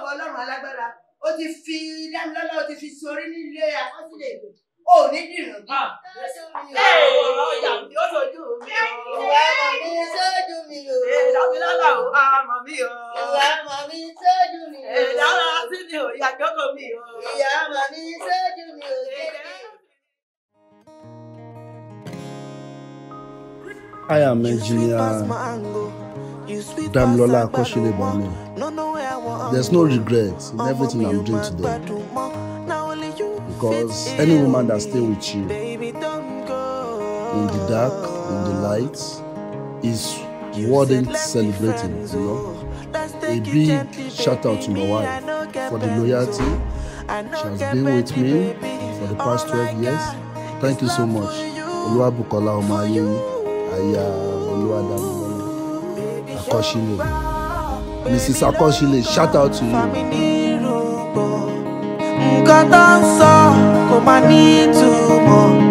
ìwọ ọlọ́run alágbára o ti fi dámilọ́lá o ti fi sórí nílé àkọsílẹ̀ ìlú o ní dìrùn. Ah. ẹ ẹ ọ̀rọ̀ ọ̀yà mi ó lójú mi o. ìwà mọ̀ mi sójú mi o. ìdámilọ́lá o a mọ̀ mi o. ìwà mọ̀ mi sójú mi o. ìdára sí mi o ìyá jọ́kọ̀ mi o. ìyá mọ̀ mi sójú mi o. I am engineer Damilola Akosile There's no regret in everything I'm doing today. Because any woman that stay with you in the dark, in the light, is worth celebrating, you know. A big shout out to my wife for the loyalty. She has been with me for the past 12 years. Thank you so much. Oluwabukola Omayeyi, Aya Oluwadamilolu, Akoshilebi. Mrs. Akoshile shout out to you. nǹkan tó ń sọ kò máa ní ìtumọ̀.